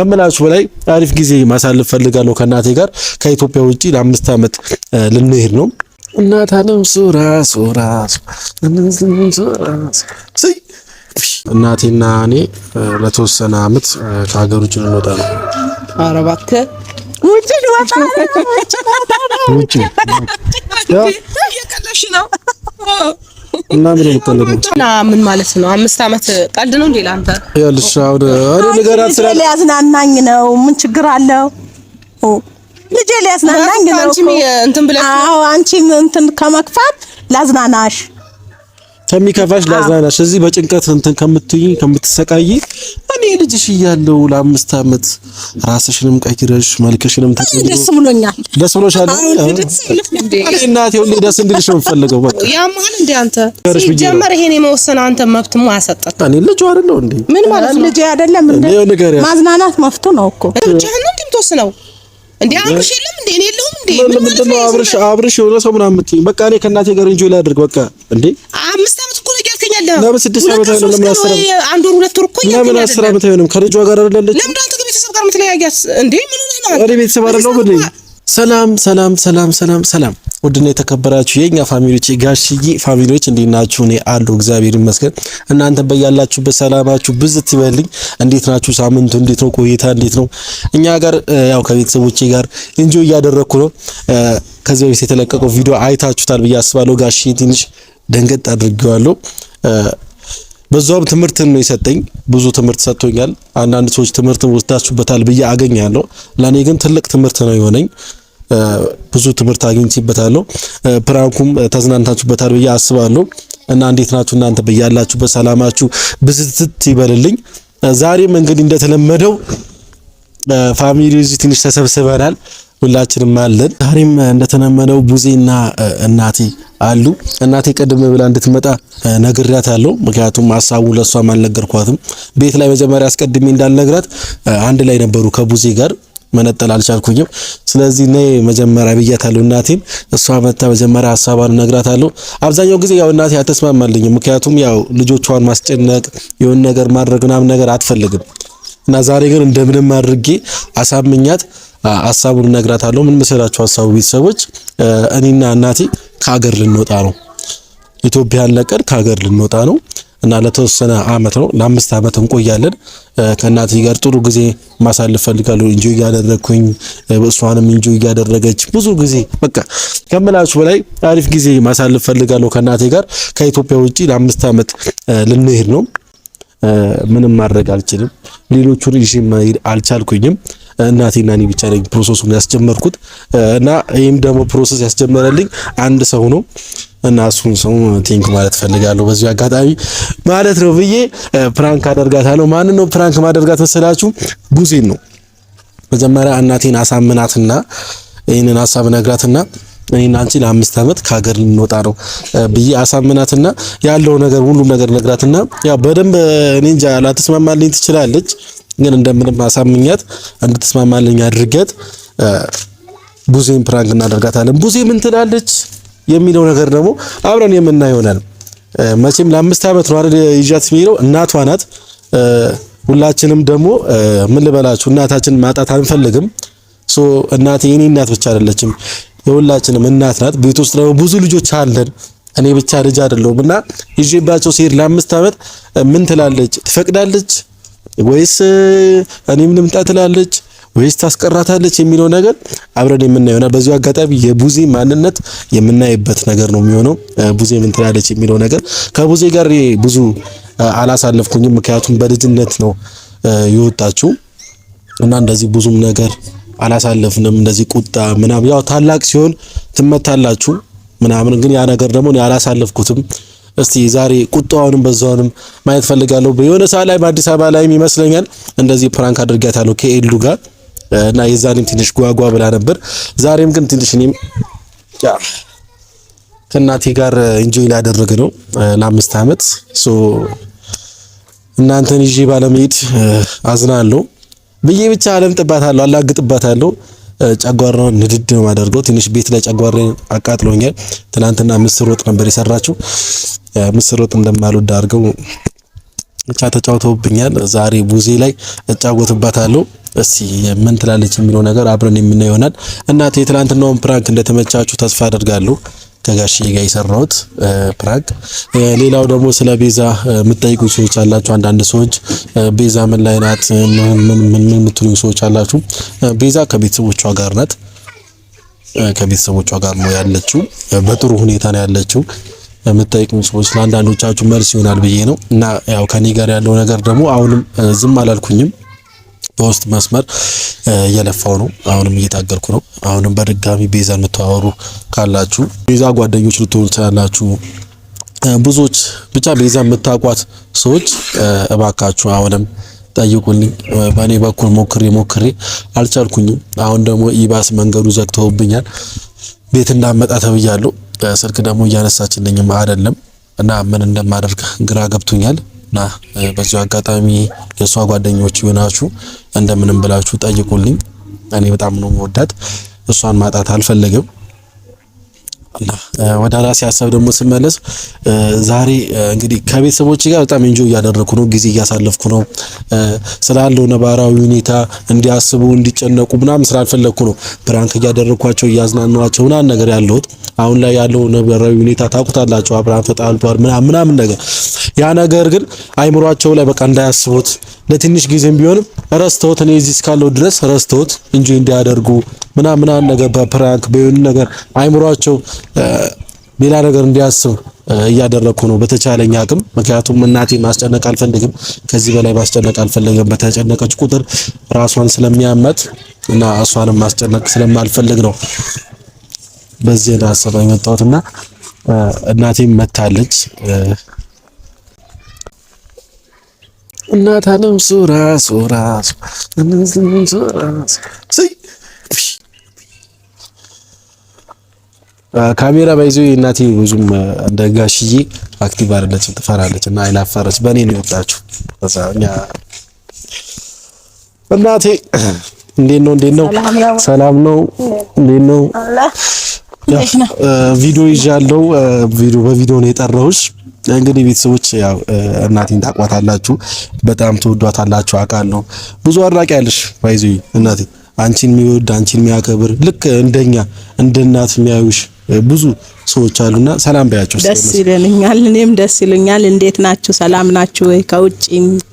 ከምላችሁ በላይ አሪፍ ጊዜ ማሳለፍ ፈልጋለሁ ከእናቴ ጋር። ከኢትዮጵያ ውጭ ለአምስት ዓመት ልንሄድ ነው። እናት አለም ሱራ ሱራ እናቴና እኔ ለተወሰነ ዓመት ከሀገር ውጭ ልንወጣ ነው። ኧረ እባክህ ውጭ ውጭ ነው እና ምን የምትወለደው ምን ማለት ነው? አምስት አመት ቀልድ ነው እንዴ ላንተ? ይኸውልሽ አሁን አሬ ነገር አትስራ። ሊያዝናናኝ ነው። ምን ችግር አለው? ልጄ ሊያዝናናኝ ነው። አንቺም እንትን ብለሽ አዎ፣ አንቺም እንትን ከመክፋት ላዝናናሽ ከሚከፋሽ ላዝናናሽ እዚህ በጭንቀት እንትን ከምትይ ከምትሰቃይ እኔ ልጅሽ እያለሁ ለአምስት ዓመት ራስሽንም ቀይረሽ መልክሽንም ተቀይረሽ ደስ ብሎኛል። ደስ ብሎሻል። እናቴ ሁሌ ደስ እንድልሽ ነው የምፈልገው። በቃ እንደ አንተ ሲጀመር ይሄን የመወሰን አንተ መብት እኔ ልጅ አይደለሁ እንዴ? ምን ማለት ነው ልጅ አይደለም እንዴ? ማዝናናት ነው እኮ ነው የምትወስነው እንዴ አብርሽ የለም እንዴ? እኔ የለሁም እንዴ? ምን ማለት ነው? አብርሽ አብርሽ የሆነ ሰው ምናምን የምትይኝ በቃ እኔ ከእናቴ ጋር ኢንጆይ ላድርግ በቃ። እንዴ አምስት ዓመት እኮ ነው እያልከኝ ለምን ስድስት ዓመት አይሆንም? ለምን አስር ዓመት አንድ ወር ሁለት ወር እኮ እያልከኝ ለምን አስር ዓመት አይሆንም? ከልጇ ጋር አይደለች ለምን አንተ ከቤተሰብ ጋር የምትለያያት እንዴ? ምን ሆነህ ነው? እኔ ቤተሰብ አይደለሁም እንዴ? ሰላም ሰላም ሰላም ሰላም ሰላም፣ ውድና የተከበራችሁ የኛ ፋሚሊዎች ጋሽዬ ፋሚሊዎች እንዴት ናችሁ? እኔ አለሁ እግዚአብሔር ይመስገን። እናንተ በያላችሁበት ሰላማችሁ ብዝት ይበልኝ። እንዴት ናችሁ? ሳምንቱ እንዴት ነው? ቆይታ እንዴት ነው? እኛ ጋር ያው ከቤተሰቦቼ ጋር እንጆ እያደረግኩ ነው። ከዚህ በፊት የተለቀቀው ቪዲዮ አይታችሁታል ብዬ አስባለሁ። ጋሽዬ ትንሽ ደንገጥ አድርጌዋለሁ። በዛውም ትምህርትን ነው የሰጠኝ። ብዙ ትምህርት ሰጥቶኛል። አንዳንድ ሰዎች ትምህርትን ወስዳችሁበታል ብዬ አገኛለሁ። ለእኔ ግን ትልቅ ትምህርት ነው የሆነኝ። ብዙ ትምህርት አግኝቼበታለሁ። ፕራንኩም ተዝናንታችሁበታል ብዬ አስባለሁ እና እንዴት ናችሁ እናንተ? በያላችሁበት ሰላማችሁ ብዝትት ይበልልኝ። ዛሬም እንግዲህ እንደተለመደው ፋሚሊ እዚህ ትንሽ ተሰብስበናል። ሁላችንም አለን። ዛሬም እንደተለመደው ቡዜና እናቴ አሉ። እናቴ ቀድም ብላ እንድትመጣ ነግሬያታለሁ። ምክንያቱም ሀሳቡ ለእሷም አልነገርኳትም። ቤት ላይ መጀመሪያ አስቀድሜ እንዳልነግራት አንድ ላይ ነበሩ ከቡዜ ጋር መነጠል አልቻልኩኝም። ስለዚህ ነይ መጀመሪያ ብያታለሁ እናቴን። እሷ መታ መጀመሪያ ሀሳቧን እነግራታለሁ። አብዛኛው ጊዜ ያው እናቴ አትስማማልኝም። ምክንያቱም ያው ልጆቿን ማስጨነቅ የሆነ ነገር ማድረግ ምናምን ነገር አትፈልግም እና ዛሬ ግን እንደምንም አድርጌ አሳምኛት ሀሳቡን እነግራታለሁ። ምን መሰላችሁ ሀሳቡ ቤተሰቦች፣ እኔና እናቴ ከሀገር ልንወጣ ነው። ኢትዮጵያን ለቀን ከሀገር ልንወጣ ነው እና ለተወሰነ አመት ነው ለአምስት አመት እንቆያለን። ከእናት ጋር ጥሩ ጊዜ ማሳለፍ ፈልጋለሁ። እንጂ እያደረግኩኝ እሷንም እንጂ እያደረገች ብዙ ጊዜ በቃ ከምላችሁ በላይ አሪፍ ጊዜ ማሳለፍ ፈልጋለሁ ከእናቴ ጋር። ከኢትዮጵያ ውጪ ለአምስት አመት ልንሄድ ነው። ምንም ማድረግ አልችልም። ሌሎቹን ይዤ መሄድ አልቻልኩኝም። እናቴና እኔ ብቻ ነኝ ፕሮሰሱን ያስጀመርኩት እና ይህም ደግሞ ፕሮሰስ ያስጀመረልኝ አንድ ሰው ነው። እና እሱን ሰው ቲንክ ማለት ፈልጋለሁ በዚህ አጋጣሚ ማለት ነው ብዬ ፕራንክ አደርጋታለሁ። ማንን ነው ፕራንክ ማደርጋት መሰላችሁ? ጉዜን ነው። መጀመሪያ እናቴን አሳምናትና ይህንን ሀሳብ ነግራትና እኔና አንቺ ለአምስት ዓመት ከሀገር ልንወጣ ነው ብዬ አሳምናትና ያለው ነገር ሁሉም ነገር ነግራትና ያው በደንብ እኔ እንጃ ላትስማማልኝ ትችላለች፣ ግን እንደምንም አሳምኛት እንድትስማማልኝ አድርገት ቡዜን ፕራንክ እናደርጋታለን። ቡዜ ምን ትላለች? የሚለው ነገር ደግሞ አብረን የምናየው ይሆናል። መቼም ለአምስት ዓመት ነው አይደል ይዣት የሚሄደው እናቷ ናት። ሁላችንም ደግሞ ምን ልበላችሁ እናታችን ማጣት አንፈልግም። ሶ እናቴ የኔ እናት ብቻ አይደለችም፣ የሁላችንም እናት ናት። ቤት ውስጥ ደግሞ ብዙ ልጆች አለን፣ እኔ ብቻ ልጅ አይደለሁም። እና ይዤባቸው ሲሄድ ለአምስት ዓመት ምን ትላለች? ትፈቅዳለች ወይስ እኔ ምንም ትላለች ወይስ ታስቀራታለች የሚለው ነገር አብረን የምናየው ይሆናል። በዚሁ አጋጣሚ የቡዜ ማንነት የምናይበት ነገር ነው የሚሆነው። ቡዜ ምን ትላለች የሚለው ነገር ከቡዜ ጋር ብዙ አላሳለፍኩኝም፣ ምክንያቱም በልጅነት ነው የወጣችው እና እንደዚህ ብዙም ነገር አላሳለፍንም። እንደዚህ ቁጣ ምናምን ያው ታላቅ ሲሆን ትመታላችሁ ምናምን፣ ግን ያ ነገር ደግሞ አላሳለፍኩትም። እስቲ ዛሬ ቁጣውንም በዛውንም ማየት ፈልጋለሁ። የሆነ ሰዓት ላይ በአዲስ አበባ ላይም ይመስለኛል እንደዚህ ፕራንክ አድርጊያታለሁ ከኤሉ ጋር እና የዛኔም ትንሽ ጓጓ ብላ ነበር። ዛሬም ግን ትንሽ እኔም ያ ከእናቴ ጋር ኢንጆይ ላደረገ ነው ለአምስት ዓመት እናንተን ይዤ ባለመሄድ አዝናለሁ ብዬ ብቻ አለም ጥባታለሁ አላግጥባታለሁ። ጨጓራውን ንድድ ነው የማደርገው። ትንሽ ቤት ላይ ጨጓራ አቃጥሎኛል። ትናንትና ምስር ወጥ ነበር የሰራችው። ምስር ወጥ እንደማልወድ አድርገው ብቻ ተጫውተውብኛል። ዛሬ ቡዜ ላይ እጫወትባታለሁ። እስቲ ምን ትላለች የሚለው ነገር አብረን የምናየው ይሆናል። እናቴ የትላንትናውን ፕራንክ እንደተመቻችሁ ተስፋ አድርጋለሁ ከጋሽዬ ጋር የሰራሁት ፕራንክ። ሌላው ደግሞ ስለ ቤዛ የምትጠይቁ ሰዎች አላችሁ። አንዳንድ ሰዎች ቤዛ ምን ላይ ናት ምን ምን የምትሉ ሰዎች አላችሁ። ቤዛ ከቤተሰቦቿ ጋር ናት። ከቤተሰቦቿ ጋር ነው ያለችው። በጥሩ ሁኔታ ነው ያለችው። የምትጠይቁኝ ሰዎች ለአንዳንዶቻችሁ መልስ ይሆናል ብዬ ነው እና ያው ከኔ ጋር ያለው ነገር ደግሞ አሁንም ዝም አላልኩኝም በውስጥ መስመር እየለፋው ነው። አሁንም እየታገልኩ ነው። አሁንም በድጋሚ ቤዛ የምታወሩ ካላችሁ ቤዛ ጓደኞች ልትሆኑ ትችላላችሁ። ብዙዎች ብቻ ቤዛ የምታውቋት ሰዎች እባካችሁ አሁንም ጠይቁልኝ። በእኔ በኩል ሞክሬ ሞክሬ አልቻልኩኝም። አሁን ደግሞ ኢባስ መንገዱ ዘግተውብኛል። ቤት እንዳመጣ ተብያለሁ። ስልክ ደግሞ እያነሳችልኝም አይደለም እና ምን እንደማደርግ ግራ ገብቶኛል። እና በዚሁ አጋጣሚ የእሷ ጓደኞች ይሆናችሁ እንደምንም ብላችሁ ጠይቁልኝ። እኔ በጣም ነው መወዳት፣ እሷን ማጣት አልፈልግም። ወደ ራሴ ሀሳብ ደግሞ ስመለስ ዛሬ እንግዲህ ከቤተሰቦች ጋር በጣም እንጆ እያደረኩ ነው፣ ጊዜ እያሳለፍኩ ነው። ስላለው ነባራዊ ሁኔታ እንዲያስቡ እንዲጨነቁ ምናምን ስላልፈለግኩ ነው ፕራንክ እያደረኳቸው እያዝናናቸው ምናምን ነገር ያለሁት። አሁን ላይ ያለው ነባራዊ ሁኔታ ታውቁታላቸው፣ አብርሃም ተጣልቷል ምናምን ነገር ያ ነገር ግን አይምሯቸው ላይ በቃ እንዳያስቡት ለትንሽ ጊዜም ቢሆንም ረስተውት እኔ እዚህ እስካለው ድረስ ረስተውት እንጂ እንዲያደርጉ ምናምን ምናምን ነገር በፕራንክ በይሁን ነገር አይምሯቸው ሌላ ነገር እንዲያስብ እያደረግኩ ነው በተቻለኝ አቅም። ምክንያቱም እናቴ ማስጨነቅ አልፈልግም፣ ከዚህ በላይ ማስጨነቅ አልፈልግም። በተጨነቀች ቁጥር ራሷን ስለሚያመት እና እሷንም ማስጨነቅ ስለማልፈልግ ነው በዚህ ሀሳብ የመጣሁት እና እናቴም መታለች። እናታንም ሱራ ሱራ ካሜራ ባይዞ እናቴ ብዙም እንደ ጋሽዬ አክቲቭ አይደለችም፣ ትፈራለች እና አይላፈረች በእኔ ነው የወጣችው። እናቴ እንዴት ነው? እንዴት ነው? ሰላም ነው? እንዴት ነው? ቪዲዮ ይዣለሁ። በቪዲዮ ነው የጠራሁሽ እንግዲህ ቤተሰቦች ያው እናቴን ታቋታላችሁ፣ በጣም ትወዷታላችሁ አውቃለሁ። ብዙ አድራቂ ያለሽ ባይዙ እናቴ አንቺን የሚወድ አንቺን የሚያከብር ልክ እንደኛ እንደ እናት የሚያዩሽ ብዙ ሰዎች አሉና ሰላም በያቸው። ደስ ይለኛል፣ እኔም ደስ ይለኛል። እንዴት ናችሁ? ሰላም ናችሁ ወይ? ከውጭ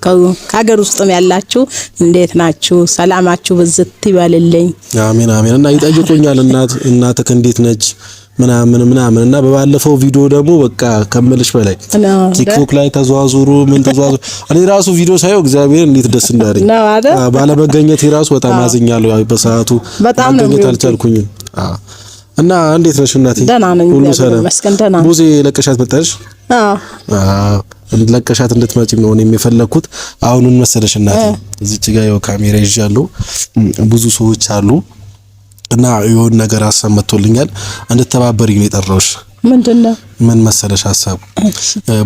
ከሀገር ውስጥም ያላችሁ እንዴት ናችሁ? ሰላማችሁ ብዝት ይበልልኝ። አሜን አሜን። እና ይጠይቁኛል እናት እናትህ እንዴት ነች ምናምን ምናምን እና በባለፈው ቪዲዮ ደግሞ በቃ ከምልሽ በላይ ቲክቶክ ላይ ተዘዋዙሩ ምን ተዘዋዙሩ። እኔ ራሱ ቪዲዮ ሳየው እግዚአብሔር እንዴት ደስ እንዳለኝ ባለመገኘት የራሱ በጣም አዝኛለሁ። በሰዓቱ መገኘት አልቻልኩኝም። እና እንዴት ነሽ እናቴ? ሁሉ ሰላም። ሙዜ ለቀሻት መጣሽ? አዎ ለቀሻት እንድትመጪ ነው እኔም የፈለግኩት። አሁኑን መሰለሽ እናቴ፣ እዚች ጋር ያው ካሜራ ይዣለሁ ብዙ ሰዎች አሉ እና የሆን ነገር ሀሳብ መጥቶልኛል እንድተባበሪኝ ነው የጠራሁሽ። ምንድን ነው? ምን መሰለሽ ሀሳቡ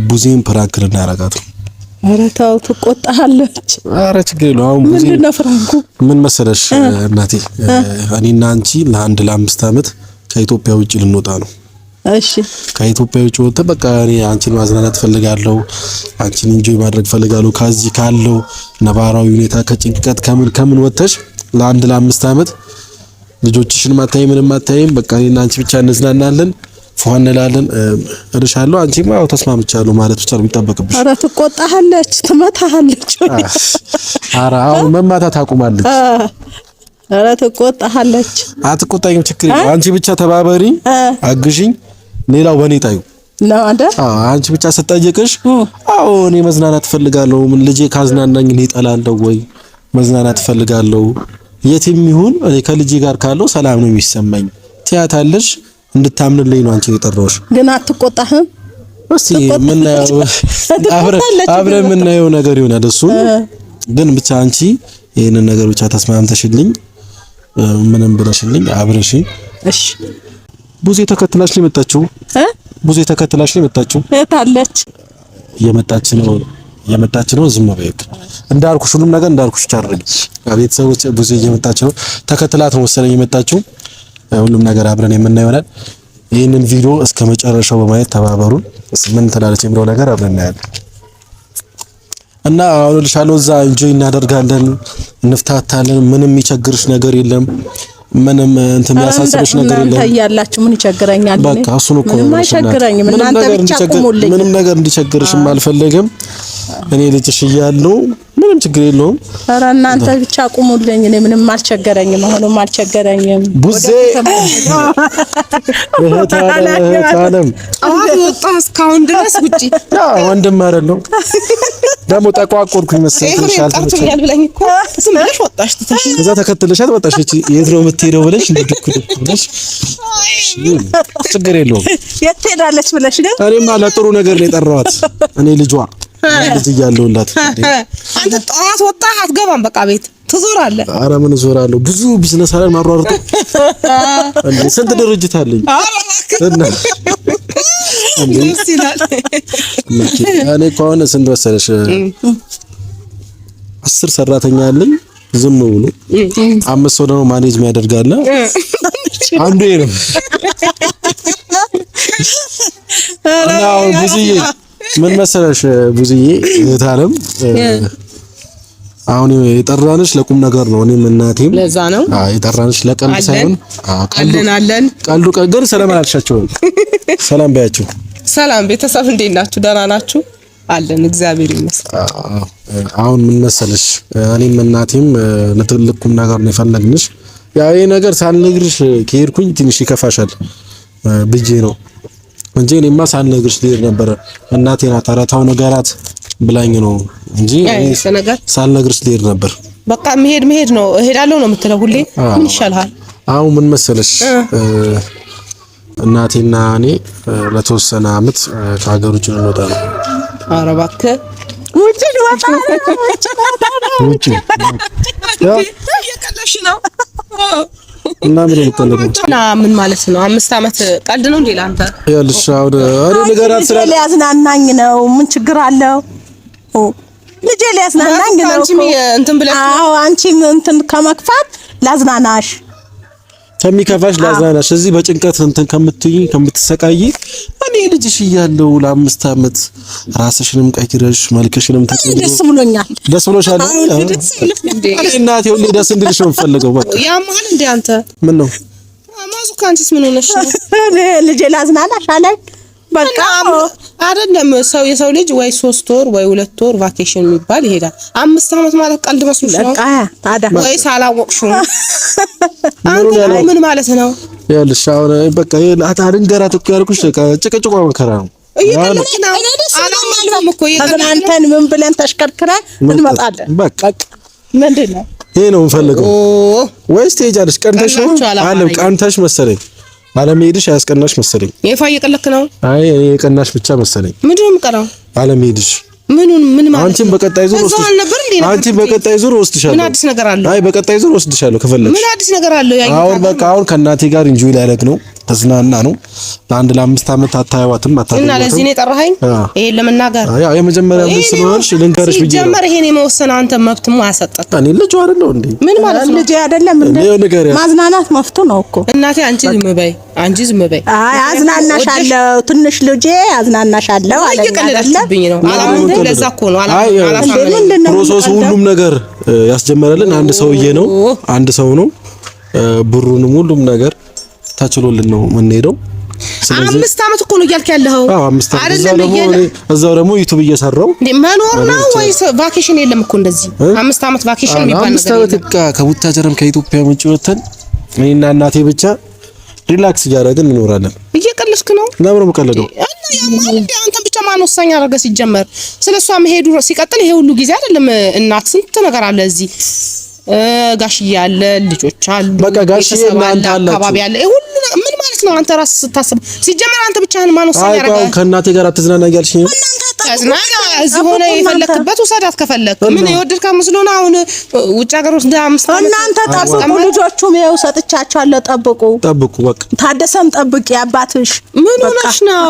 ቡዜን ፕራንክ ልናረጋት ነው። ኧረ ተው ትቆጣለች። ኧረ ችግር የለውም። አሁን ቡዜ ምንድን ነው ፍራንኩ? ምን መሰለሽ እናቴ፣ እኔና አንቺ ለአንድ ለአምስት አመት ከኢትዮጵያ ውጭ ልንወጣ ነው። እሺ ከኢትዮጵያ ውጭ ወጥተን በቃ እኔ አንቺን ማዝናናት ፈልጋለሁ፣ አንቺን ኢንጆይ ማድረግ ፈልጋለሁ። ከዚህ ካለው ነባራዊ ሁኔታ ከጭንቀት ከምን ከምን ወጥተሽ ለአንድ ለአምስት አመት ልጆችሽን ማታይ ምንም ማታይም። በቃ እኔና አንቺ ብቻ እንዝናናለን፣ ፏ እንላለን እልሻለሁ። አንቺማ ያው ተስማምቻለሁ ማለት ብቻ ነው የሚጠበቅብሽ። ኧረ ትቆጣሃለች፣ ትመታሃለች። ኧረ አሁን መማታት አቁማለች። ኧረ ትቆጣሃለች። አትቆጣኝም፣ ችግር የለም። አንቺ ብቻ ተባበሪ፣ አግዥኝ። ሌላው በእኔ ጣዩ አንቺ ብቻ ስጠይቅሽ፣ አዎ እኔ መዝናናት እፈልጋለሁ። ልጄ ካዝናናኝ እኔ እጠላለሁ ወይ መዝናናት እፈልጋለሁ የትም ይሁን እኔ ከልጅ ጋር ካለው ሰላም ነው የሚሰማኝ። ትያታለሽ እንድታምንልኝ ነው አንቺ የጠራሁሽ። ግን አትቆጣህም? እስቲ ምናየው አብረን ምናየው ነገር ይሆናል እሱ። ግን ብቻ አንቺ ይሄንን ነገር ብቻ ተስማምተሽልኝ ምንም ብለሽልኝ አብረሽ እሺ። ቡዜ ተከትላሽ ነው የመጣችው እ ቡዜ ተከትላሽ ነው የመጣችው የታለች የመጣች ነው እየመጣች ነው። ዝም በይ እንዳልኩሽ፣ ሁሉም ነገር እንዳልኩሽ ታደርጊ። ቤተሰቦች ብዙ እየመጣች ነው። ተከትላት ነው መሰለኝ እየመጣችው። ሁሉም ነገር አብረን የምናየው ይሆናል። ይህንን ቪዲዮ እስከ መጨረሻው በማየት ተባበሩን። ምን ትላለች የሚለው ነገር አብረን እናያለን እና አሁን ልሻለሁ። እዛ እንጆይ እናደርጋለን፣ እንፍታታለን። ምንም የሚቸግርሽ ነገር የለም። ምንም እንትን የሚያሳስብሽ ነገር የለም። ታያላችሁ። ምን ይቸግረኛል? በቃ እሱን እኮ ምንም አይቸግረኝም። እናንተ ብቻ ቁሙልኝ። ምንም ነገር እንዲቸግርሽም አልፈለግም። እኔ ልጅሽ እያለሁ ምንም ችግር የለውም። ኧረ እናንተ ብቻ ቁሙልኝ። እኔ ምንም አልቸገረኝም፣ አሁንም አልቸገረኝም። ቡዜ ታለም አሁን ወጣ እስካሁን ድረስ ውጪ ያ ወንድም አይደል ነው ደግሞ ጠቋቆርኩኝ መሰለኝ። ሻልተኛል ብለኝ እኮ ዝም ወጣሽ ትተሽ ከዛ ተከትለሻት ወጣሽ። የት ነው የምትሄደው ብለሽ ልድኩ ልድኩ ብለሽ ችግር የለውም። የት ትሄዳለች ብለሽ ግን እኔማ ለጥሩ ነገር ነው የጠራኋት እኔ ልጇ እዚህ ያለውላት አንተ ጠዋት ወጣ አትገባም። በቃ ቤት ትዞራለህ። አረ ምን እዞራለሁ? ብዙ ቢዝነስ አለን እንዴ ስንት ድርጅት አለኝ። አረ እኔ እኮ አሁን ስንት መሰለሽ አስር ሰራተኛ አለኝ ዝም ብሎ አምስት ሰው ደግሞ ማኔጅ የሚያደርጋለ አለ። አንዱ ነው እና ብዙዬ ምን መሰለሽ ብዙዬ እህታለም አሁን የጠራንሽ ለቁም ነገር ነው። እኔም እናቴም ለዛ ነው የጠራንሽ፣ ለቀልድ ሳይሆን አለን አለን። ቀልዱ ግን ሰላም አላልሻቸው። ሰላም በያቸው። ሰላም ቤተሰብ እንዴት ናችሁ? ደህና ናችሁ? አለን እግዚአብሔር ይመስገን። አሁን ምን መሰለሽ እኔም እናቴም ለትልቅ ቁም ነገር ነው የፈለግንሽ። ያ ይሄ ነገር ሳልነግርሽ ከሄድኩኝ ትንሽ ይከፋሻል ብዬ ነው እንጂ እኔማ ሳልነግርሽ ልሄድ ነበረ። እናቴ ናት አራታው ነገራት ብላኝ ነው እንጂ ሳልነግርሽ ልሄድ ነበር። በቃ መሄድ መሄድ ነው እሄዳለሁ ነው የምትለው ሁሌ። ምን ይሻልሃል? አሁን ምን መሰለሽ እናቴና እኔ ለተወሰነ አመት ከሀገር ውጭ ልንወጣ ነው። ኧረ እባክህ ውጭ ልወጣ ነው። ውጭ ነው እና ምን የምትፈልገው እና ምን ማለት ነው? አምስት ዓመት ቀልድ ነው እንዴ ላንተ? ይኸውልሽ አሁን አይደል ንገራት ስራ ሊያዝናናኝ ነው። ምን ችግር አለው? ልጄ ሊያዝናናኝ ነው። አንቺም እንትን ብለሽ አዎ፣ አንቺም እንትን ከመክፋት ላዝናናሽ ከሚከፋሽ ላዝናናሽ እዚህ በጭንቀት እንትን ከምትይ ከምትሰቃይ ልጅሽ እያለው ለአምስት ዓመት ራስሽንም ቀይረሽ መልክሽንም ደስ ብሎኛል። ደስ ብሎሻል። አይደለም ሰው የሰው ልጅ ወይ ሶስት ወር ወይ ሁለት ወር ቫኬሽን የሚባል ይሄዳል። አምስት ዓመት ማለት ቀልድ መስሎሽ ነው ወይስ አንተ ምን ማለት ነው? ይኸውልሽ አሁን በቃ ልንገራት እኮ ያልኩሽ መከራ ነው። አንተን ምን ብለን ተሽከርክረን እንመጣለን። በቃ ምንድን ነው ይሄ ነው የምፈልገው። ወይስ ትሄጃለሽ? ቀንተሽ ነው አለም፣ ቀንተሽ መሰለኝ አለመሄድሽ አያስቀናሽ መሰለኝ። ይፋ እየቀለክ ነው። አይ የቀናሽ ብቻ መሰለኝ። ምንድን ነው የምቀናው አለመሄድሽ ምኑን ምን ማለት አንቺን በቀጣይ ዙር ወስድሽ ነበር እንዴ? አንቺን በቀጣይ ዙር ወስድሻለሁ። ምን አዲስ ነገር አለ? አይ በቀጣይ ዙር ወስድሻለሁ ከፈለግሽ። ምን አዲስ ነገር አለ? አሁን በቃ አሁን ከእናቴ ጋር እንጂ ላይ ላደርግ ነው ተዝናና ነው። ለአንድ ለአምስት ዓመት አታያዋትም አታደርጋትም። እና ለዚህ ነው የጠራኸኝ ይሄን ለመናገር። ያው የመጀመሪያ ልጅ ስለሆንሽ ልንገርሽ ብዬ ጀመር። ይሄን የመወሰን አንተ መብት አሰጠት። እኔ ልጅ አይደለሁ እንዴ? ምን ማለት ነው? ልጅ አይደለም እንዴ? ማዝናናት መብቱ ነው እኮ እናቴ። አንቺ ዝም በይ፣ አንቺ ዝም በይ። አይ አዝናናሻለሁ፣ ትንሽ ልጄ አዝናናሻለሁ አለ። እየቀለለችብኝ ነው አላምንኩ። ለዛ እኮ ነው አላምንኩ። ፕሮሰሱ ሁሉም ነገር ያስጀመረልን አንድ ሰውዬ ነው፣ አንድ ሰው ነው። ብሩንም ሁሉም ነገር ተችሎልን ነው የምንሄደው። አምስት አመት እኮ ነው እያልክ ያለኸው እዛው ደግሞ ዩቲዩብ እየሰራው መኖር ነው ወይስ ቫኬሽን የለም እኮ እንደዚህ አምስት አመት ቫኬሽን የሚባል ነገር አምስት ዓመት በቃ ከቡታጀራም ከኢትዮጵያ ውጭ ወተን እኔና እናቴ ብቻ ሪላክስ እያደረግን እንኖራለን። እየቀለድክ ነው። ለምን መቀለደው? አንተን ብቻ ማን ወሳኝ አደረገ? ሲጀመር ስለሷ መሄዱ ሲቀጥል ይሄ ሁሉ ጊዜ አይደለም እናት ስንት ነገር አለ እዚህ ጋሽዬ አለ፣ ልጆች አሉ፣ በቃ ጋሽዬ እናንተ አካባቢ አለ። ሁሉ ምን ማለት ነው? አንተ ራስህ ስታስብ ሲጀመር አንተ ብቻህን ማን ወሰን ያደርጋል? ከእናቴ ጋር አትዝናና እያልሽኝ ነው? እዚህ ሆነ የፈለክበት ውሰዳት ከፈለክ ምን የወደድካ ምስሎና አሁን ውጭ ሀገር ውስጥ አምስት እናንተ ጠብቁ፣ ልጆቹም ይኸው ሰጥቻቸዋለሁ። ጠብቁ ጠብቁ፣ በቃ ታደሰም ጠብቂ። አባትሽ ምን ሆነሽ ነው?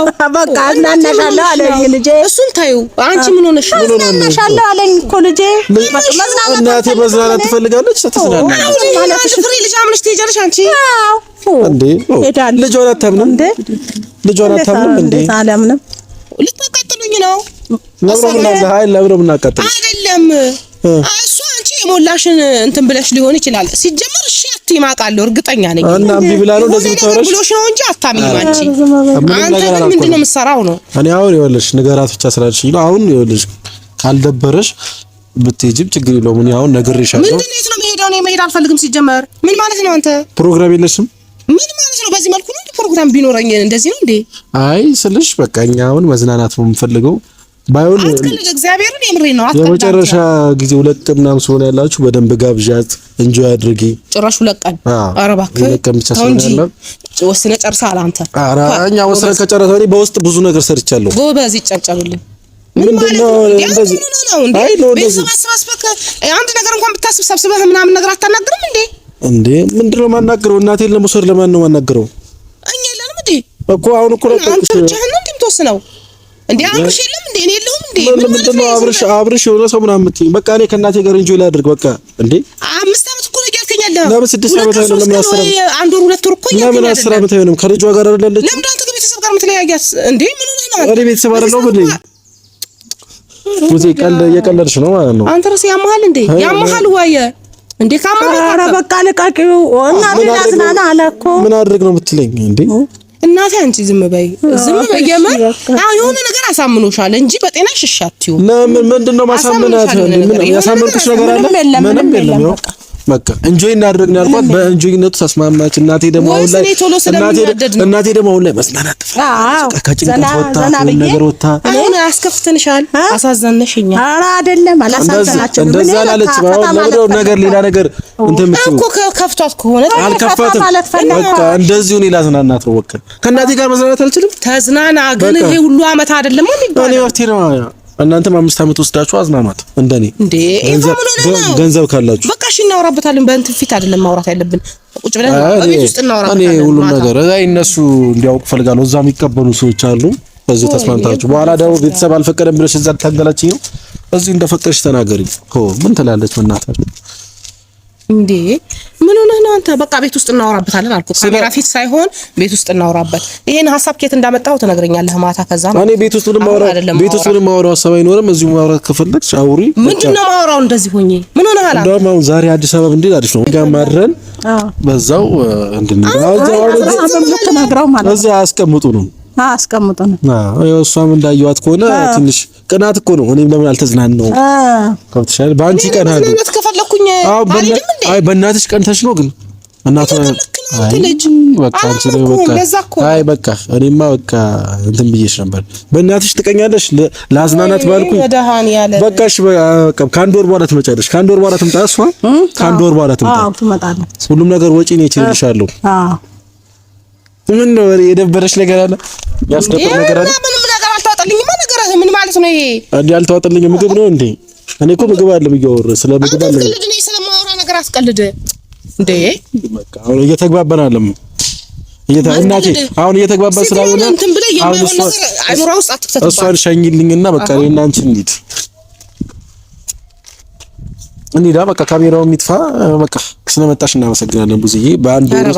በቃ እናናሻለሁ አለኝ ልጄ። እሱን ታዩ አንቺ ምን ሆነሽ ነው? እናናሻለሁ አለኝ እኮ ልጄ። መዝናናት እናቴ መዝናናት ትፈልጋለች ተተዝናናለች። ነው። የሞላሽን እንትን ብለሽ ሊሆን ይችላል። ሲጀመር እሺ አትይም አውቃለሁ፣ እርግጠኛ ነኝ። እና እምቢ ብላ ነው እንደዚህ ተወረሽ ብሎሽ ነው እንጂ አታምኝም አንቺ። አንተ ግን ምንድን ነው የምትሰራው ነው? እኔ አሁን ይኸውልሽ ንገራት ብቻ ነው። አሁን ይኸውልሽ ካልደበረሽ ብትሄጂም ችግር የለውም። እኔ አሁን ነግሬሻለሁ። ምንድን ነው የት ነው የምሄደው? እኔ መሄድ አልፈልግም። ሲጀመር ምን ማለት ነው? አንተ ፕሮግራም የለሽም? ምን ማለት ነው? በዚህ መልኩ ነው ፕሮግራም ቢኖረኝ እንደዚህ ነው እንዴ? አይ ስልሽ በቃ እኛ አሁን መዝናናት ነው የምፈልገው። ባይሆን አትቀልድ፣ እግዚአብሔርን የምሬን ነው። አትቀልድ። የመጨረሻ ጊዜ ሁለት ምናምን ስለሆነ ያላችሁ በደንብ ጋብዣት፣ እንጆይ አድርጊ። ጭራሽ ሁለት ቀን ኧረ እባክህ ወስነ ጨርሳ አላንተ አንተ። ኧረ እኛ ወስነን ከጨረሰ በውስጥ ብዙ ነገር ሰርቻለሁ። ጎበዝ ይጨርጨሩልኝ አንድ ነገር እንኳን ብታስብ ሰብስበህ ምናምን ነገር አታናግርም እንዴ? እንዴ ምንድን ነው የማናግረው? እናቴን ለመውሰድ ለማን ነው የማናግረው? እኛ የለንም እንዴ እኮ አሁን እኮ ነው አንተ ብቻህን ነው የምትወስነው እንዴ? አብርሽ የለም እንዴ? እኔ የለሁም እንዴ? ምንድን ነው አብርሽ አብርሽ የሆነ ሰው ምናምን የምትይኝ? በቃ እኔ ከእናቴ ጋር እንጆ ላድርግ በቃ እንዴ አምስት ዓመት እኮ ነው እያልከኝ ለምን ስድስት ዓመት አይሆንም? ለምን አስር ዓመት አንድ ወር ሁለት ወር እኮ እያልከኝ ለምን አስር ዓመት አይሆንም? ከልጇ ጋር አይደለች ለምን አንተ ከቤተሰብ ጋር የምትለያያት እንዴ? ምን ሆነህ ነው? እኔ ቤተሰብ አይደለሁም እንዴ? ሙዚ የቀለድሽ ነው ማለት ነው። አንተ ራስህ ያመሃል እንዴ? ያመሃል ወይ እንዴ? ካመሃል ኧረ በቃ ልቀቂው እና ልናዝናና አለ እኮ ምን አድርግ ነው የምትለኝ እንዴ? እናቴ አንቺ ዝም በይ፣ ዝም በይ። የመን አሁን የሆነ ነገር አሳምኖሻል እንጂ በጤናሽ እሺ አትይውም። ምንድን ነው ማሳምናት? ምን ያሳመንኩሽ ነገር አለ? ምንም የለም። በቃ እንጆይ እናደርግ ያልኳት በእንጆይነቱ ተስማማች። እናቴ ደግሞ አሁን ላይ እናቴ ደግሞ አሁን ላይ መዝናናት ትፈልጋለች። ከጭንቀት ወጣ ነገር ወጣ። አሁን አስከፍተንሻል፣ አሳዘነሽኛ። ኧረ አይደለም አላሳዘናችሁም። እንደዛ አላለችም። አሁን ነገር ሌላ ነገር እንትን የምትይው እኮ ከፍቷት ከሆነ አልከፋትም። በቃ እንደዚሁ እኔ ላዝናናት ነው። በቃ ከእናቴ ጋር መዝናናት አልችልም። ተዝናና ግን ይሄ ሁሉ አመት አይደለም ነው እናንተም አምስት ዓመት ወስዳችሁ አዝናኗት። እንደኔ ገንዘብ ካላችሁ በቃ እሺ፣ እናወራበታለን። በእንትን ፊት አይደለም ማውራት ያለብን፣ ቁጭ ብለን ቤት ውስጥ እናወራበታለን። እኔ ሁሉም ነገር አይ እነሱ እንዲያውቁ ፈልጋለሁ። እዛ የሚቀበሉ ሰዎች አሉ። በዚህ ተስማምታችሁ በኋላ ደግሞ ቤተሰብ አልፈቀደም ብለሽ እዛ ታገላችኝ ነው። እዚህ እንደፈቀደሽ ተናገሪ። ምን ትላለች እናታችሁ? እንዴ ምን ሆነህ ነው አንተ? በቃ ቤት ውስጥ እናወራበታለን አልኩ። ካሜራ ፊት ሳይሆን ቤት ውስጥ እናወራበት። ይሄን ሀሳብ ከየት እንዳመጣው ትነግረኛለህ ማታ። ከዛ ነው እኔ ቤት ውስጥ ምንም ማውራ ቤት ውስጥ ምንም ማውራ ሀሳብ አይኖርም። እዚሁ ማውራት ከፈለግሽ አውሪ። ምንድነው ማውራው? እንደዚህ ሆኜ ምን ሆነህ አላ። እንደውም አሁን ዛሬ አዲስ አበባ እንዴት አዲስ ነው ጋር ማድረን በዛው እንድንዛ አስቀምጡ ነው አስቀምጡ ነው። እሷም እንዳየዋት ከሆነ ትንሽ ቅናት እኮ ነው። እኔም ለምን አልተዝናናውም? ከብትሻል በአንቺ ቀናሉ አልኩኝ። አይ በእናትሽ ቀንተሽ ነው ግን እናት አይ በቃ እኔማ በቃ እንትን ብዬሽ ነበር። በእናትሽ ትቀኛለሽ ለአዝናናት ባልኩኝ በቃ እሺ በቃ ከአንድ ወር በኋላ ትመጫለሽ። ከአንድ ወር በኋላ ትምጣ እሷ ከአንድ ወር በኋላ ትምጣ። ሁሉም ነገር ወጪ ነው ይችልሻለሁ። ምን ነው የደበረሽ ነገር አለ? ያስደበረ ነገር አለ? ምንም ነገር አልተዋጠልኝም። ምን ማለት ነው ይሄ? እንዴ አልተዋጠልኝም። ምግብ ነው እንዴ? እኔ እኮ ምግብ አለ ብዬሽ ስለ ምግብ አለ ብዬሽ እኔ ስለማወራ ነገር አስቀልድ እንዴ። አሁን እየተግባባን አለም እናቴ አሁን እየተግባባን ስላልሆነ እሷን ሸኝልኝና በቃ እኔና አንቺ እንሂድ እንዲዳ በቃ ካሜራው የሚጥፋ በቃ ስለመጣሽ እናመሰግናለን። ብዙዬ በአንድ ወር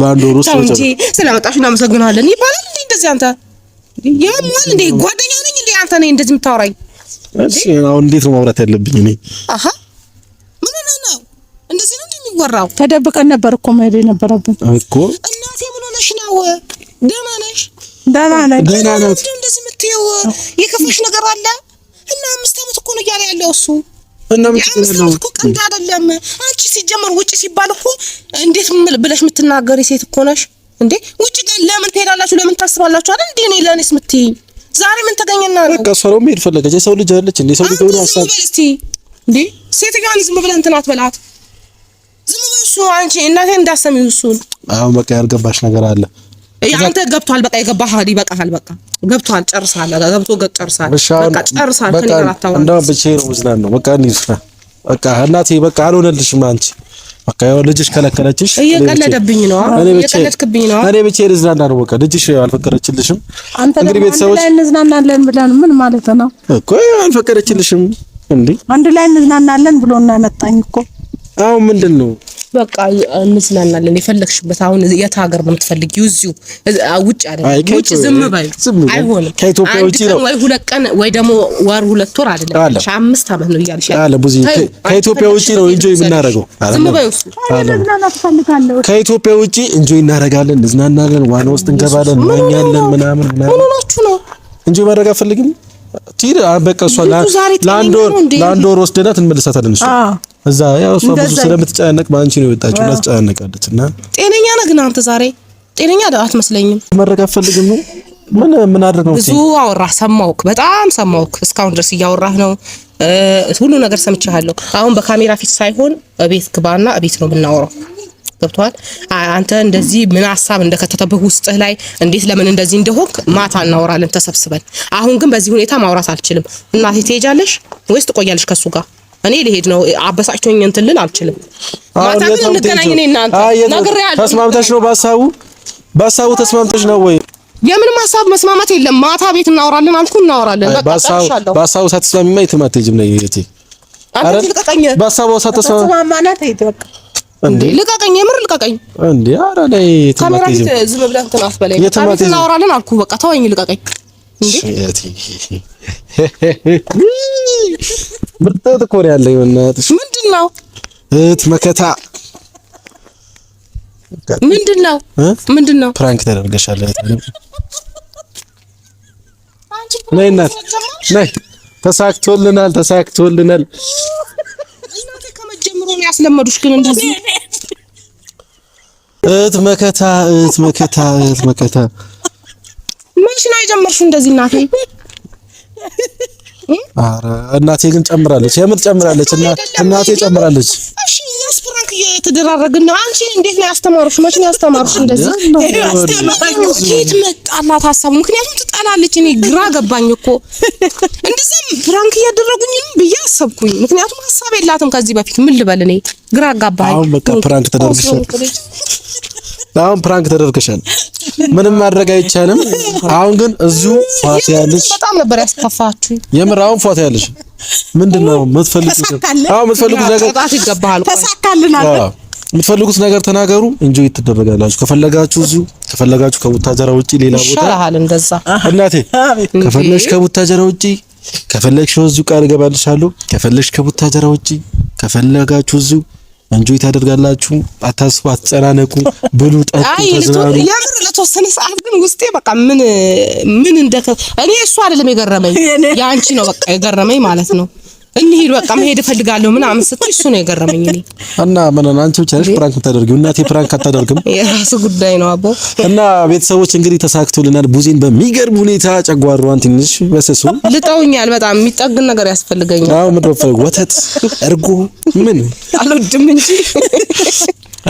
በአንድ ወር ውስጥ እንጂ ስለመጣሽ እናመሰግናለን ይባላል። እንደዚህ አንተ የማን እንደ ጓደኛ ነኝ እንደ አንተ ነኝ እንደዚህ የምታወራኝ እሺ አሁን እንዴት ነው ማውራት ያለብኝ እኔ? አሃ ምን ነው ነው እንደዚህ ነው የሚወራው? ተደብቀን ነበር እኮ መሄድ የነበረብን እኮ። እናቴ ምን ሆነሽ ነው? ደህና ነሽ? ደህና ነኝ። ደህና ነሽ? እንደዚህ የምትይው የከፋሽ ነገር አለ? እና አምስት አመት እኮ ነው እያለ ያለው እሱ እና ምን ትላለህ እኮ ቀልድ አይደለም። አንቺ ሲጀመር ውጪ ሲባል እኮ እንዴት ብለሽ የምትናገሪ ሴት እኮ ነሽ እንዴ? ውጪ ለምን ትሄዳላችሁ? ለምን ታስባላችሁ? አይደል እንዴ? እኔ ለእኔስ የምትይኝ ዛሬ ምን ተገኘና ነው? በቃ ሰሮም ሄድ ፈለገች። የሰው ልጅ አይደለች እንዴ? ሰው ልጅ ሆነ ሐሳብ እስቲ እንዴ ሴትዮዋን ዝም ብለህ እንትን አትበላት። ዝም ብለህ እሱ አንቺ እናቴ እንዳሰሚ እሱን አሁን በቃ ያልገባሽ ነገር አለ። ያንተ ገብቷል። በቃ የገባሃል ይበቃሃል። በቃ ገብቷል። ጨርሳል። ገብቶ ገብ በቃ ጨርሳል። ከኔ ጋር አታወራ። እንደውም ብቻዬን ነው እዝናን ነው በቃ እንሂድ። በቃ እናቴ በቃ አልሆነልሽም አንቺ በቃ ያው ልጅሽ ከለከለችሽ። እየቀለደብኝ ነው፣ አሁን፣ እየቀለድክብኝ ነው። እኔ ብቻ ልዝናና ነው። በቃ ልጅሽ አልፈቀደችልሽም። እንግዲህ ቤተሰቦች እንዝናናለን ብለን ምን ማለት ነው እኮ አልፈቀደችልሽም። እንዴ አንድ ላይ እንዝናናለን ብሎና መጣኝ እኮ አሁን ምንድን ነው በቃ እንዝናናለን። የፈለግሽበት አሁን የት ሀገር ነው የምትፈልጊው? እዚሁ ውጭ አይደለም። ውጭ ዝም በይ አይሆንም። ከኢትዮጵያ ውጭ ነው ወይ ሁለት ቀን ወይ ደግሞ ወር ሁለት ወር አይደለም አምስት አመት ነው እያልሽ አለ። ቡዚ። ከኢትዮጵያ ውጭ ነው ኢንጆይ የምናደርገው። ዝም በይ እሱ ከኢትዮጵያ ውጭ ኢንጆይ እናደርጋለን፣ እንዝናናለን፣ ዋና ውስጥ እንገባለን፣ ማኛለን፣ ምናምን ምናምን ምን ሆናችሁ ነው እንጆይ ማድረግ አፈልግም። ቲር በቃ እሷ ለአንድ ወር ለአንድ ወር ወስደናት እንመልሳታለን እሷ እዛ ያው እሷ ብዙ ስለምትጨናነቅ በአንቺ ነው የወጣችው እና ትጨናነቃለች። እና ጤነኛ ነህ ግን አንተ ዛሬ ጤነኛ አትመስለኝም። መድረግ አትፈልግም ነው ምን ምን አድርገው ብዙ አወራህ፣ ሰማውክ፣ በጣም ሰማውክ። እስካሁን ድረስ እያወራህ ነው፣ ሁሉ ነገር ሰምቻለሁ። አሁን በካሜራ ፊት ሳይሆን እቤት ግባና እቤት ነው የምናወራው። ገብቶሃል? አንተ እንደዚህ ምን ሀሳብ እንደከተተብህ ውስጥህ ላይ እንዴት ለምን እንደዚህ እንደሆንክ ማታ እናወራለን ተሰብስበን። አሁን ግን በዚህ ሁኔታ ማውራት አልችልም። እናቴ ትሄጃለሽ ወይስ ትቆያለሽ ከሱ ጋር? እኔ ልሄድ ነው። አበሳጭቶኝ እንትን ልን አልችልም። ማታ ግን እንገናኝ። እኔ ተስማምተሽ ነው በሀሳቡ በሀሳቡ ተስማምተሽ ነው ወይ? የምንም ሀሳብ መስማማት የለም። ማታ ቤት እናወራለን አልኩ፣ እናወራለን። በቃ ታሻለሁ። በሀሳቡ ሳትስማሚማ የትም አትሄጂም። ነይ እህቴ፣ ልቀቀኝ። በሀሳቡ ሳትስማማና ተይት በቃ እንዴ ልቀቀኝ፣ የምር ልቀቀኝ። እንዴ ኧረ ነይ፣ የትም አትሄጂም። ዝም ብለህ እንትን አትበለኝ። እናወራለን አልኩ፣ በቃ ተወኝ፣ ልቀቀኝ። ምርጥ ጥቁር ያለኝ መናያት ምንድን ነው? እህት መከታ ምንድን ነው? ምንድን ነው? ፕራንክ ተደርገሻል። ነይ እናት ነይ። ተሳክቶልናል፣ ተሳክቶልናል። እናቴ ከመጀመሩ ነው ያስለመዱሽ። ግን እንደዚህ እህት መከታ፣ እህት መከታ፣ እህት መከታ መች ነው የጀመርሽው እንደዚህ እናቴ? አረ እናቴ ግን ጨምራለች፣ የምር ጨምራለች። እናቴ ጨምራለች። እሺ እኛስ ፍራንክ እየተደራረግን ነው። አንቺ እንዴት ነው ያስተማሩሽ? መች ነው ያስተማሩሽ? እንደዚህ ከየት መጣላት ሀሳቡ? ምክንያቱም ትጠላለች። እኔ ግራ ገባኝ እኮ እንደዚህም ፍራንክ እያደረጉኝ ብዬ አሰብኩኝ። ምክንያቱም ሀሳብ የላትም ከዚህ በፊት ምን ልበል እኔ ግራ ገባኝ። አሁን በቃ ፍራንክ ተደርግሻል። አሁን ፕራንክ ተደርገሻል። ምንም ማድረግ አይቻልም። አሁን ግን እዙ ፏት ያለሽ በጣም ነበር ያስከፋችሁ። የምር አሁን ፏታ ያለሽ ምንድነው የምትፈልጉት? አዎ የምትፈልጉት ነገር ተሳካልናል። የምትፈልጉት ነገር ተናገሩ። ኢንጆይ ትደረጋላችሁ። ከፈለጋችሁ እዚሁ ከፈለጋችሁ ከቡታጀራ ውጪ ሌላ ቦታ ይሻላል። እንደዛ እናቴ ከፈለግሽ ከቡታጀራ ውጪ ከፈለግሽ እዚሁ ቃል እገባልሻለሁ። ከፈለግሽ ከቡታጀራ ውጪ ከፈለጋችሁ እዚሁ እንጆይ ታደርጋላችሁ። አታስቡ፣ አትጨናነቁ። ብሉ፣ ጠጡ፣ ተዝናኑ። የምር ለተወሰነ ሰዓት ግን ውስጤ በቃ ምን ምን እንደከ እኔ እሱ አይደለም የገረመኝ፣ ያንቺ ነው በቃ የገረመኝ ማለት ነው። እንሂድ በቃ መሄድ እፈልጋለሁ ምናምን ስትል እሱ ነው የገረመኝ። እኔ እና ምን አንቺ ብቻ ነሽ ፕራንክ የምታደርጊው? እናቴ ፕራንክ አታደርግም። የራሱ ጉዳይ ነው አቦ። እና ቤተሰቦች እንግዲህ ተሳክቶልናል። ቡዜን በሚገርም ሁኔታ ጨጓራዋን ትንሽ በስሱ ልጠውኛል። በጣም የሚጠግን ነገር ያስፈልገኛል። አዎ ምንድን ነው ወተት፣ እርጎ ምን አልወድም እንጂ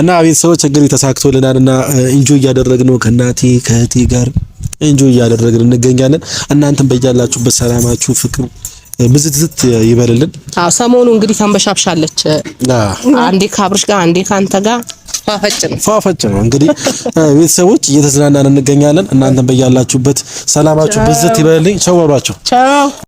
እና ቤተሰቦች እንግዲህ ተሳክቶልናል እና ኢንጆይ እያደረግን ነው ከእናቴ ከእህቴ ጋር ኢንጆይ እያደረግን እንገኛለን። እናንተም በያላችሁበት ሰላማችሁ ፍቅሩ ብዝትዝት ይበልልን። አዎ ሰሞኑ እንግዲህ ተንበሻብሻለች። አንዴ ካብርሽ ጋር አንዴ ካንተ ጋር ፏፈጭ ነው ፏፈጭ ነው። እንግዲህ ቤተሰቦች እየተዝናናን እንገኛለን። እናንተም በያላችሁበት ሰላማችሁ ብዝት ይበልልኝ። ቸው ባሏቸው። ቸው